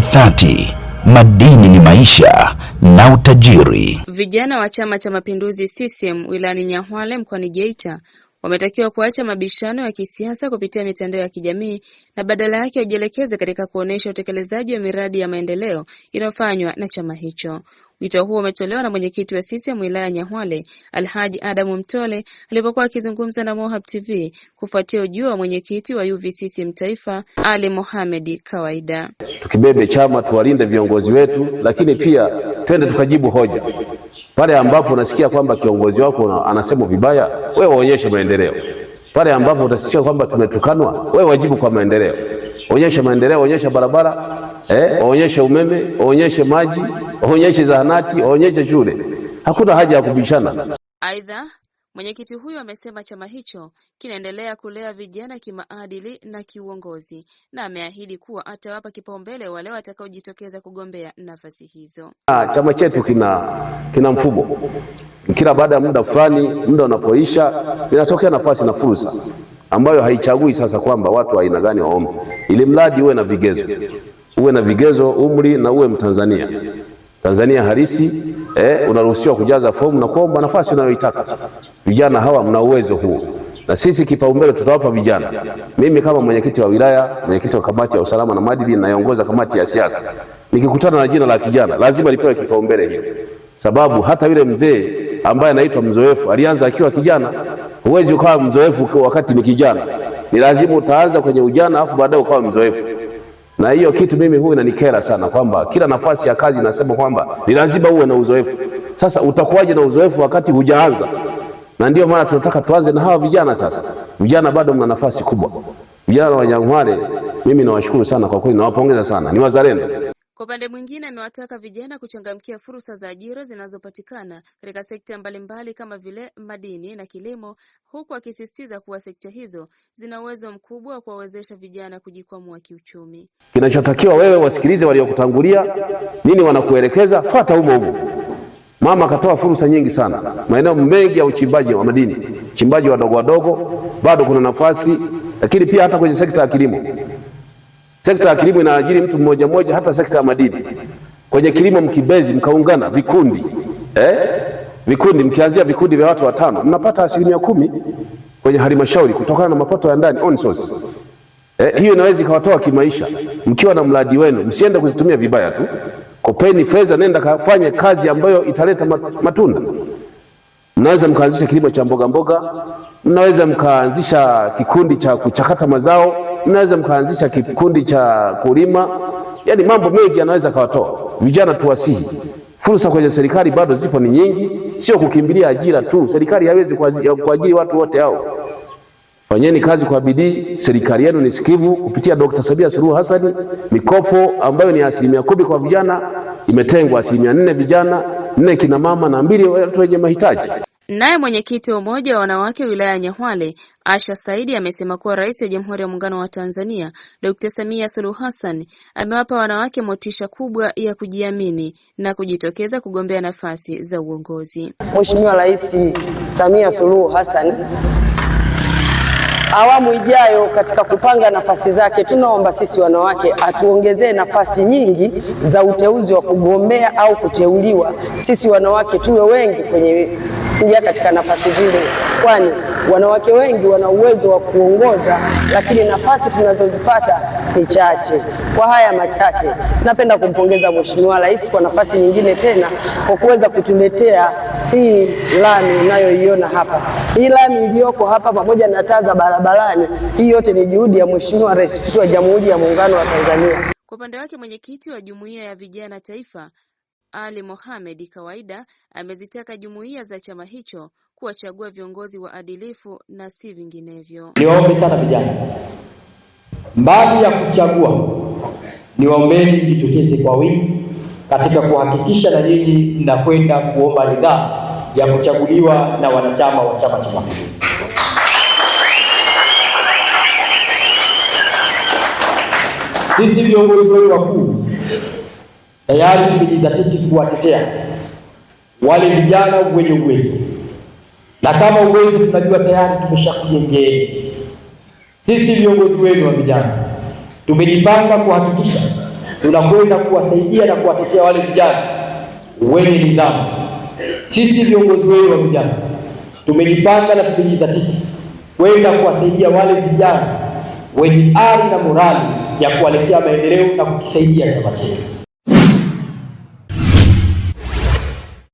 kidhati. Madini ni maisha na utajiri. Vijana wa Chama cha Mapinduzi CCM wilayani Nyang'hwale mkoani Geita wametakiwa kuacha mabishano ya kisiasa kupitia mitandao ya kijamii na badala yake wajielekeze katika kuonesha utekelezaji wa miradi ya maendeleo inayofanywa na chama hicho. Wito huo umetolewa na mwenyekiti wa CCM wilaya nyahwale Nyang'hwale, Alhaji Adamu Mtole, alipokuwa akizungumza na Mohab TV kufuatia ujio wa mwenyekiti wa UVCCM Taifa, Ali Mohamed Kawaida. Tukibebe chama, tuwalinde viongozi wetu, lakini pia twende tukajibu hoja pale ambapo unasikia kwamba kiongozi wako anasema vibaya, wewe waonyeshe maendeleo. Pale ambapo utasikia kwamba tumetukanwa, wewe wajibu kwa maendeleo, onyesha maendeleo, onyesha barabara eh, onyesha umeme, waonyeshe maji, waonyeshe zahanati, waonyeshe shule. Hakuna haja ya kubishana. Aidha, Mwenyekiti huyo amesema chama hicho kinaendelea kulea vijana kimaadili na kiuongozi na ameahidi kuwa atawapa kipaumbele wale watakaojitokeza kugombea nafasi hizo. Ah, chama chetu kina, kina mfumo kila baada ya muda fulani, muda unapoisha inatokea nafasi na fursa ambayo haichagui sasa kwamba watu aina gani waombe, ili mradi uwe na vigezo, uwe na vigezo umri na uwe Mtanzania. Tanzania halisi eh, unaruhusiwa kujaza fomu na kuomba nafasi unayoitaka. Vijana hawa mna uwezo huo, na sisi kipaumbele tutawapa vijana. Mimi kama mwenyekiti wa wilaya, mwenyekiti wa kamati ya usalama na maadili, naiongoza kamati ya siasa, nikikutana na jina la kijana lazima lipewe kipaumbele hiyo, sababu hata yule mzee ambaye anaitwa mzoefu alianza akiwa kijana. Huwezi ukawa mzoefu wakati ni kijana, ni lazima utaanza kwenye ujana, afu baadaye ukawa mzoefu na hiyo kitu mimi huwa inanikera sana, kwamba kila nafasi ya kazi nasema kwamba ni lazima uwe na uzoefu. Sasa utakuwaje na uzoefu wakati hujaanza? Na ndio maana tunataka tuanze na hawa vijana sasa. Vijana bado mna nafasi kubwa, vijana wa Nyang'hwale. Mimi nawashukuru sana kwa kweli, nawapongeza sana, ni wazalendo. Kwa upande mwingine amewataka vijana kuchangamkia fursa za ajira zinazopatikana katika sekta mbalimbali kama vile madini na kilimo huku akisisitiza kuwa sekta hizo zina uwezo mkubwa wa kuwawezesha vijana kujikwamua kiuchumi. Kinachotakiwa wewe wasikilize waliokutangulia, nini wanakuelekeza, fuata humo humo. Mama akatoa fursa nyingi sana, maeneo mengi ya uchimbaji wa madini, uchimbaji wadogo wadogo, bado kuna nafasi, lakini pia hata kwenye sekta ya kilimo Sekta ya kilimo inaajiri mtu mmoja mmoja, hata sekta ya madini. Kwenye kilimo mkibezi, mkaungana vikundi eh? Vikundi mkianzia vikundi vya watu watano, mnapata asilimia kumi kwenye halmashauri kutokana na mapato ya ndani on source. Eh, hiyo inaweza ikawatoa kimaisha. Mkiwa na mradi wenu, msiende kuzitumia vibaya tu, kopeni fedha, nenda kafanye kazi ambayo italeta matunda. Mnaweza mkaanzisha kilimo cha mboga mboga, mnaweza mkaanzisha kikundi cha kuchakata mazao mnaweza mkaanzisha kikundi cha kulima, yani mambo mengi yanaweza kawatoa vijana. Tuwasihi, fursa kwenye serikali bado zipo, ni nyingi, sio kukimbilia ajira tu. Serikali haiwezi kuajiri watu wote hao. Fanyeni kazi kwa bidii, serikali yenu ni sikivu. Kupitia Dr. Samia Suluhu Hassan, mikopo ambayo ni asilimia kumi kwa vijana imetengwa, asilimia nne vijana, nne kina mama na mbili watu wenye mahitaji. Naye mwenyekiti wa umoja wa wanawake wilaya ya Nyang'hwale Asha Saidi amesema kuwa Rais wa Jamhuri ya Muungano wa Tanzania Dr. Samia Suluhu Hassan amewapa wanawake motisha kubwa ya kujiamini na kujitokeza kugombea nafasi za uongozi. Mheshimiwa Rais Samia Suluhu Hassan awamu ijayo katika kupanga nafasi zake, tunaomba sisi wanawake atuongezee nafasi nyingi za uteuzi wa kugombea au kuteuliwa. Sisi wanawake tuwe wengi kwenye kuingia katika nafasi zile, kwani wanawake wengi wana uwezo wa kuongoza, lakini nafasi tunazozipata ni chache. Kwa haya machache, napenda kumpongeza Mheshimiwa Rais kwa nafasi nyingine tena kwa kuweza kutuletea hii lami unayoiona hapa, hii lami iliyoko hapa pamoja na taa za barabarani. Hii yote ni juhudi ya Mheshimiwa Rais wetu wa Jamhuri ya Muungano wa Tanzania. Kwa upande wake, mwenyekiti wa Jumuiya ya Vijana Taifa Ali Mohamed Kawaida amezitaka jumuiya za chama hicho kuwachagua viongozi waadilifu na si vinginevyo. Niwaombe sana vijana Mbali ya kuchagua, niwaombeni mjitokeze kwa wingi katika kuhakikisha na nyinyi mnakwenda kuomba ridhaa ya kuchaguliwa na wanachama wa Chama cha Mapinduzi. Sisi viongozi wetu wakuu tayari tumejidhatiti kuwatetea wale vijana wenye uwezo, na kama uwezo tunajua tayari tumeshakujengeni sisi viongozi wenu wa vijana tumejipanga kuhakikisha tunakwenda kuwasaidia na kuwatetea wale vijana wenye nidhamu. Sisi viongozi wenu wa vijana tumejipanga na tumejizatiti kwenda kuwasaidia wale vijana wenye ari na morali ya kuwaletea maendeleo na kukisaidia chama chetu.